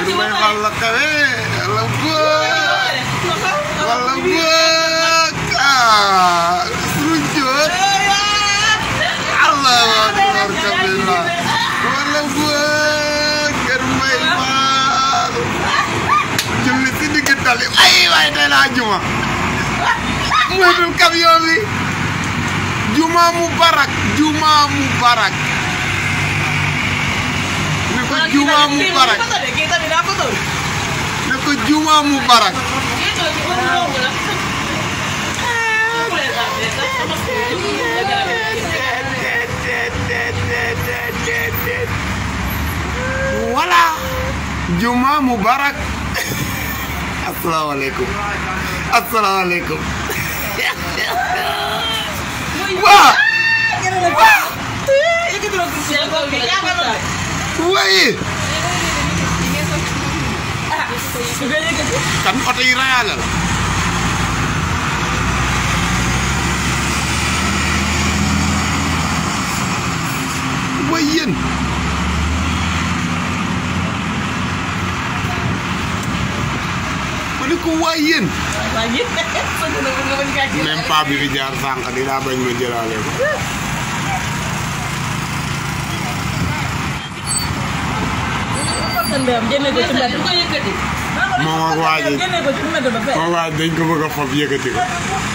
bermain balap kawe lembut lembut ah serujut Allah Akbar kabila lembut bermain balap julli si digg tali ay waay tey laa juma mooy camion bi juma mubarak juma mubarak jumaa mu barak ne ko jumaa mu barak voilà jumaa mu barak asalaamaaleykum asalaamaaleykum waaw waaw waaye. kan oto yi rayaa la. waaye yéen. ma waaye yéen. même bi jaar sànq di laa bañ ma jëlaale ko. ndeyam génne ko ci mbedd moom ak waa ji dañ ko a fob